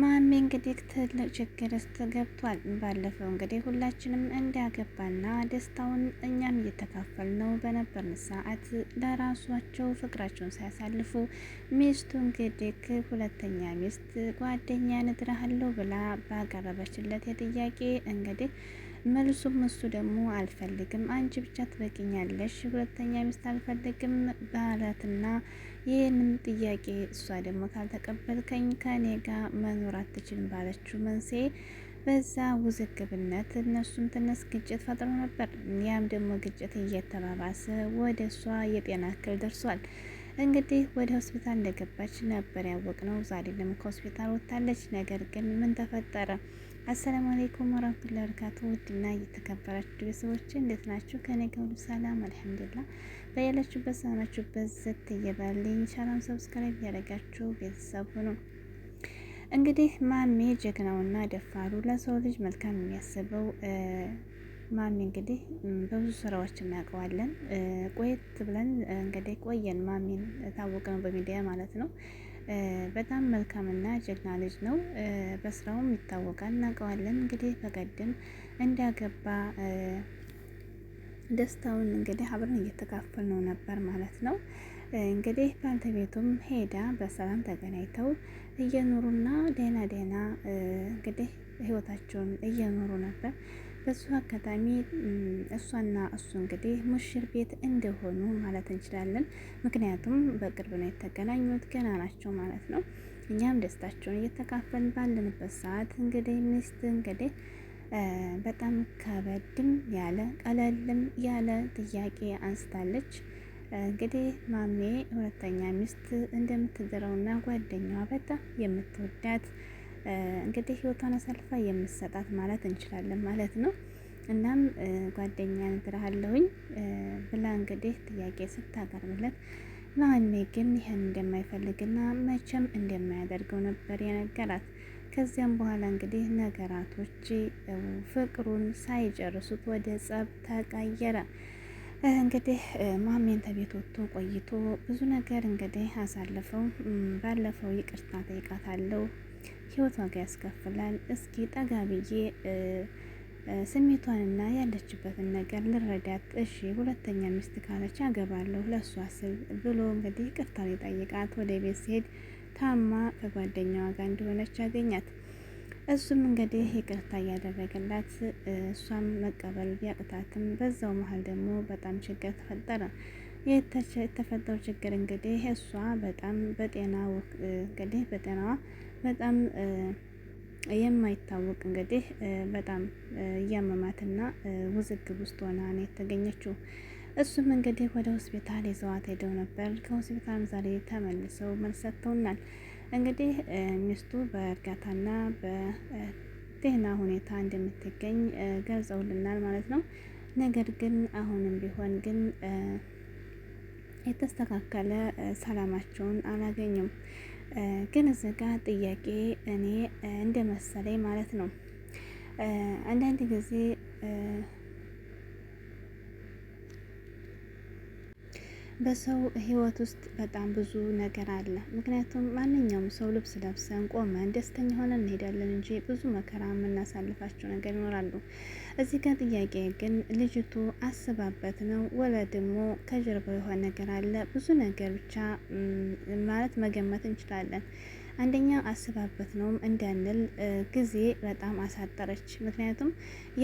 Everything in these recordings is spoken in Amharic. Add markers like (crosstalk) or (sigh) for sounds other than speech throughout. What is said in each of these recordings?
ማሜ እንግዲህ ትልቅ ችግር ውስጥ ገብቷል። ባለፈው እንግዲህ ሁላችንም እንዲያገባና ደስታውን እኛም ነው በነበር ሰዓት ለራሷቸው ፍቅራቸውን ሳያሳልፉ ሚስቱ እንግዲህ ሁለተኛ ሚስት ጓደኛ ንድረሃለሁ ብላ ባቀረበችለት የጥያቄ እንግዲህ መልሱም እሱ ደግሞ አልፈልግም፣ አንቺ ብቻ ትበቂኛለሽ፣ ሁለተኛ ሚስት አልፈልግም ባላትና ይህንም ጥያቄ እሷ ደግሞ ካልተቀበልከኝ ከኔ ጋር መኖር አትችልም ባለችው መንስኤ በዛ ውዝግብነት እነሱም ትንሽ ግጭት ፈጥሮ ነበር። ያም ደግሞ ግጭት እየተባባሰ ወደ እሷ የጤና እክል ደርሷል። እንግዲህ ወደ ሆስፒታል እንደገባች ነበር ያወቅ ነው። ዛሬ ደግሞ ከሆስፒታል ወጥታለች። ነገር ግን ምን ተፈጠረ? አሰላሙ አሌይኩም ወራህመቱላሂ ወበረካቱ። ውድና እየተከበራችሁ ቤተሰቦች እንዴት ናችሁ? ከኔ ጋር ሰላም አልሐምዱሊላህ። በያላችሁበት ሰናችሁበት ዘት እየባልኝ ቻናል ሰብስክራይብ ያደረጋችሁ ቤተሰብ ሁኑ። እንግዲህ ማሜ ጀግናውና ደፋሩ ለሰው ልጅ መልካም የሚያስበው ማሚ እንግዲህ በብዙ ስራዎች እናውቀዋለን። ቆየት ብለን እንግዲህ ቆየን ማሚን ነው በሚዲያ ማለት ነው። በጣም መልካምና ጀግና ልጅ ነው። በስራውም ይታወቃል፣ እናውቀዋለን። እንግዲህ በቀደም እንዳገባ ደስታውን እንግዲህ አብረን ነው ነበር ማለት ነው። እንግዲህ ባልተቤቱም ሄዳ በሰላም ተገናኝተው እየኖሩና ደህና ደህና እንግዲህ ህይወታቸውን እየኖሩ ነበር። በሱ አጋጣሚ እሷና እሱ እንግዲህ ሙሽር ቤት እንደሆኑ ማለት እንችላለን። ምክንያቱም በቅርብ ነው የተገናኙት፣ ገና ናቸው ማለት ነው። እኛም ደስታቸውን እየተካፈል ባለንበት ሰዓት እንግዲህ ሚስት እንግዲህ በጣም ከበድም ያለ ቀለልም ያለ ጥያቄ አንስታለች። እንግዲህ ማሜ ሁለተኛ ሚስት እና ጓደኛዋ በጣም የምትወዳት እንግዲህ ህይወቷን አሳልፋ የምትሰጣት ማለት እንችላለን ማለት ነው። እናም ጓደኛ ነግርሃለሁኝ ብላ እንግዲህ ጥያቄ ስታቀርብለት ማሜ ግን ይህን እንደማይፈልግና መቼም እንደማያደርገው ነበር የነገራት። ከዚያም በኋላ እንግዲህ ነገራቶች ፍቅሩን ሳይጨርሱት ወደ ጸብ ተቀየረ። እንግዲህ ማሜን ተቤት ወጥቶ ቆይቶ ብዙ ነገር እንግዲህ አሳልፈው ባለፈው ይቅርታ ጠይቃታለሁ። ህይወት ዋጋ ያስከፍላል። እስኪ ጠጋ ብዬ ስሜቷንና ያለችበትን ነገር ልረዳት። እሺ ሁለተኛ ሚስት ካለች አገባለሁ ለእሷ ስል ብሎ እንግዲህ ቅርታ ጠይቃት ወደ ቤት ሲሄድ ታማ ከጓደኛዋ ጋር እንደሆነች አገኛት። እሱም እንግዲህ ይቅርታ እያደረገላት እሷም መቀበል ቢያቅታትም በዛው መሀል ደግሞ በጣም ችግር ተፈጠረ። የተፈጠረው ችግር እንግዲህ እሷ በጣም በጤና እንግዲህ በጤናዋ በጣም የማይታወቅ እንግዲህ በጣም እያመማትና ውዝግብ ውስጥ ሆና ነው የተገኘችው። እሱም እንግዲህ ወደ ሆስፒታል ይዘዋት ሄደው ነበር። ከሆስፒታል ዛሬ ተመልሰው መልስ ሰጥተውናል። እንግዲህ ሚስቱ በእርጋታና በጤና ሁኔታ እንደምትገኝ ገልጸውልናል ማለት ነው። ነገር ግን አሁንም ቢሆን ግን የተስተካከለ ሰላማቸውን አላገኙም። ግን እዚህ ጥያቄ እኔ እንደመሰለኝ ማለት ነው አንዳንድ ጊዜ በሰው ህይወት ውስጥ በጣም ብዙ ነገር አለ። ምክንያቱም ማንኛውም ሰው ልብስ ለብሰን ቆመን ደስተኛ ሆነን እንሄዳለን እንጂ ብዙ መከራ የምናሳልፋቸው ነገር ይኖራሉ። እዚህ ጋር ጥያቄ ግን ልጅቱ አስባበት ነው ወለ ደግሞ ከጀርባው የሆነ ነገር አለ? ብዙ ነገር ብቻ ማለት መገመት እንችላለን። አንደኛ አስባበት ነው እንዳንል ጊዜ በጣም አሳጠረች። ምክንያቱም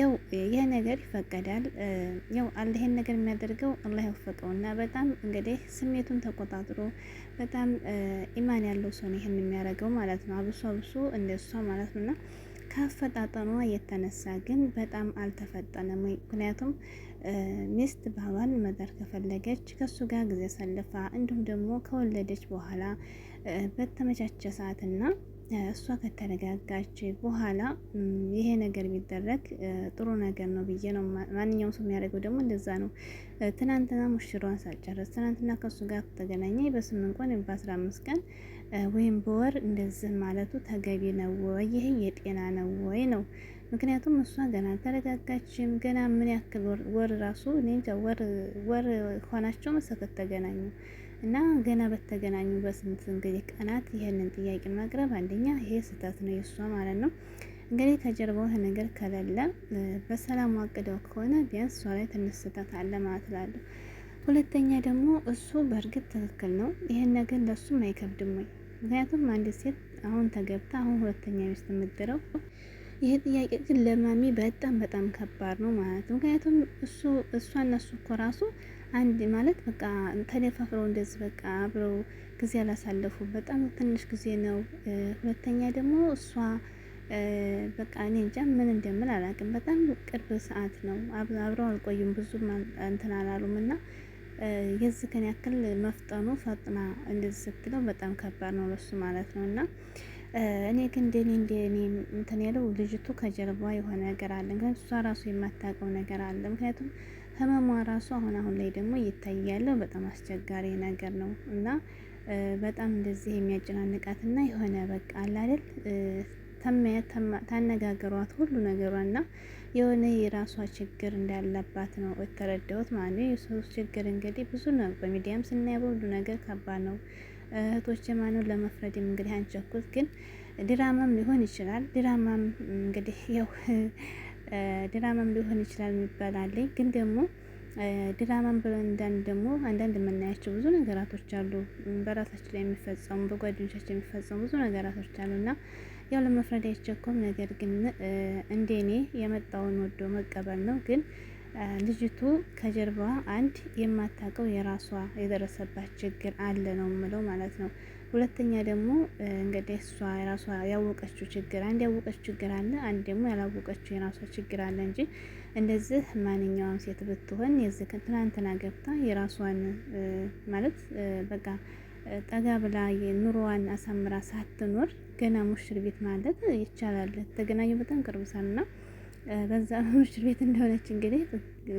ያው ይህ ነገር ይፈቀዳል፣ ያው አለ ነገር የሚያደርገው አላህ ይወፈቀውና በጣም እንግዲህ ስሜቱን ተቆጣጥሮ በጣም ኢማን ያለው ሰው ነው ይህን የሚያደርገው ማለት ነው። አብሶ አብሶ እንደሷ ማለት ነውና ከአፈጣጠኗ የተነሳ ግን በጣም አልተፈጠነም። ምክንያቱም ሚስት ባሏን መዳር ከፈለገች ከሱ ጋር ጊዜ አሳልፋ እንዲሁም ደግሞ ከወለደች በኋላ በተመቻቸ ሰዓትና እሷ ከተረጋጋች በኋላ ይሄ ነገር ቢደረግ ጥሩ ነገር ነው ብዬ ነው። ማንኛውም ሰው የሚያደርገው ደግሞ እንደዛ ነው። ትናንትና ሙሽሯን ሳልጨረስ ትናንትና ከእሱ ጋር ተገናኘ በስምንት ቀን በአስራ አምስት ቀን ወይም በወር እንደዚህ ማለቱ ተገቢ ነው ወይ? ይሄ የጤና ነው ወይ ነው። ምክንያቱም እሷ ገና አልተረጋጋችም። ገና ምን ያክል ወር ራሱ እኔ እንጃ ወር ወር ሆናቸው መሰከት ተገናኙ እና ገና በተገናኙ በስንት እንግዲህ ቀናት ይህንን ጥያቄ ማቅረብ አንደኛ ይሄ ስህተት ነው የእሷ ማለት ነው። እንግዲህ ከጀርባው ይህ ነገር ከሌለ በሰላም አቅደው ከሆነ ቢያንስ እሷ ላይ ትንሽ ስህተት አለ ማለት እላለሁ። ሁለተኛ ደግሞ እሱ በእርግጥ ትክክል ነው። ይህን ነገር ለእሱም አይከብድም ወይ ምክንያቱም አንድ ሴት አሁን ተገብታ አሁን ሁለተኛ ሚስት የምትድረው ይሄ ጥያቄ ግን ለማሚ በጣም በጣም ከባድ ነው ማለት ነው። ምክንያቱም እሱ እሷ እነሱ እሱ እኮ ራሱ አንድ ማለት በቃ ተደፋፍረው እንደዚህ በቃ አብረው ጊዜ አላሳለፉ በጣም ትንሽ ጊዜ ነው። ሁለተኛ ደግሞ እሷ በቃ እኔ እንጃ ምን እንደምል አላውቅም። በጣም ቅርብ ሰዓት ነው አብረው አልቆዩም ብዙም እንትን አላሉም እና የዚህ ቀን ያክል መፍጠኑ ፈጥና እንደዚህ ስትለው በጣም ከባድ ነው ለሱ ማለት ነው። እና እኔ ግን እንደኔ እንደኔ እንትን ያለው ልጅቱ ከጀርባ የሆነ ነገር አለ፣ ግን እሷ ራሱ የማታውቀው ነገር አለ። ምክንያቱም ህመሟ ራሱ አሁን አሁን ላይ ደግሞ እየታያለው በጣም አስቸጋሪ ነገር ነው እና በጣም እንደዚህ የሚያጨናንቃት እና የሆነ በቃ አለ አይደል ታነጋገሯት ሁሉ ነገሯና የሆነ የራሷ ችግር እንዳለባት ነው የተረዳሁት ማለት ነው። የሰው ችግር እንግዲህ ብዙ ነው። በሚዲያም ስናየው ሁሉ ነገር ከባድ ነው። እህቶች ማነው ለመፍረድ እንግዲህ አንቸኩት፣ ግን ድራማም ሊሆን ይችላል። ድራማም እንግዲህ ያው (laughs) ድራማም ሊሆን ይችላል የሚባል ግን ደግሞ ድራማን ብለን እንዳንድ ደግሞ አንዳንድ የምናያቸው ብዙ ነገራቶች አሉ። በራሳችን ላይ የሚፈጸሙ በጓደኞቻችን የሚፈጸሙ ብዙ ነገራቶች አሉ እና ያው ለመፍረድ አይቸኮም። ነገር ግን እንደኔ የመጣውን ወዶ መቀበል ነው። ግን ልጅቱ ከጀርባዋ አንድ የማታውቀው የራሷ የደረሰባት ችግር አለ ነው የምለው ማለት ነው። ሁለተኛ ደግሞ እንግዲህ እሷ የራሷ ያወቀችው ችግር አንድ ያወቀች ችግር አለ፣ አንድ ደግሞ ያላወቀችው የራሷ ችግር አለ እንጂ እንደዚህ ማንኛውም ሴት ብትሆን የዚህ ትናንትና ገብታ የራሷን ማለት በቃ ጠጋ ብላ የኑሮዋን አሳምራ ሳትኖር ገና ሙሽር ቤት ማለት ይቻላል። ተገናኙ በጣም ሳና በዛ (laughs) ሙሽር ቤት እንደሆነች እንግዲህ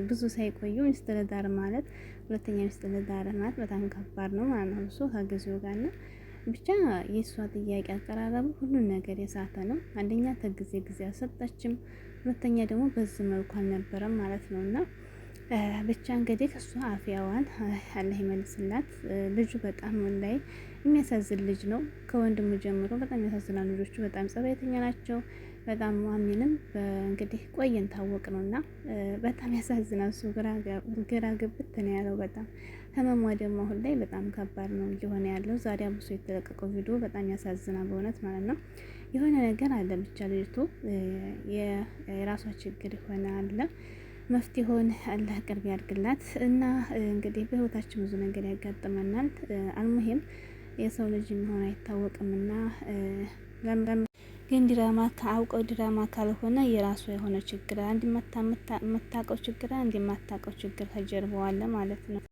ብዙ ሳይቆዩ ሚስት ለዳር ማለት ሁለተኛ ሚስት ለዳር ማለት በጣም ከባድ ነው ማለት ነው። እሱ ከጊዜው ጋር ና ብቻ የእሷ ጥያቄ አቀራረቡ ሁሉን ነገር የሳተ ነው። አንደኛ ከጊዜ ጊዜ አልሰጠችም፣ ሁለተኛ ደግሞ በዚህ መልኩ አልነበረም ማለት ነው እና ብቻ እንግዲህ ከሱ አፍያዋን አላህ ይመልስላት። ልጁ በጣም ወላሂ የሚያሳዝን ልጅ ነው። ከወንድሙ ጀምሮ በጣም ያሳዝናል። ልጆቹ በጣም ጸባይተኛ ናቸው። በጣም አሚንም እንግዲህ ቆየን ታወቅ ነው እና በጣም ያሳዝናል። እሱ ግራ ግብት ነው ያለው በጣም ህመሟ ደግሞ አሁን ላይ በጣም ከባድ ነው እየሆነ ያለው። ዛሬ አብሶ የተለቀቀው ቪዲዮ በጣም ያሳዝናል በእውነት ማለት ነው። የሆነ ነገር አለ ብቻ ልጅቱ የራሷ ችግር የሆነ አለ መፍትሄውን አላህ ቅርብ ያድርግላት እና እንግዲህ በህይወታችን ብዙ ነገር ያጋጥመናል። አልሙሂም የሰው ልጅ የሚሆን አይታወቅም አይታወቅምና ግን ድራማ አውቀው ድራማ ካልሆነ የራሱ የሆነ ችግር አንድ መታቀው ችግር አንድ የማታቀው ችግር ከጀርባው ማለት ነው።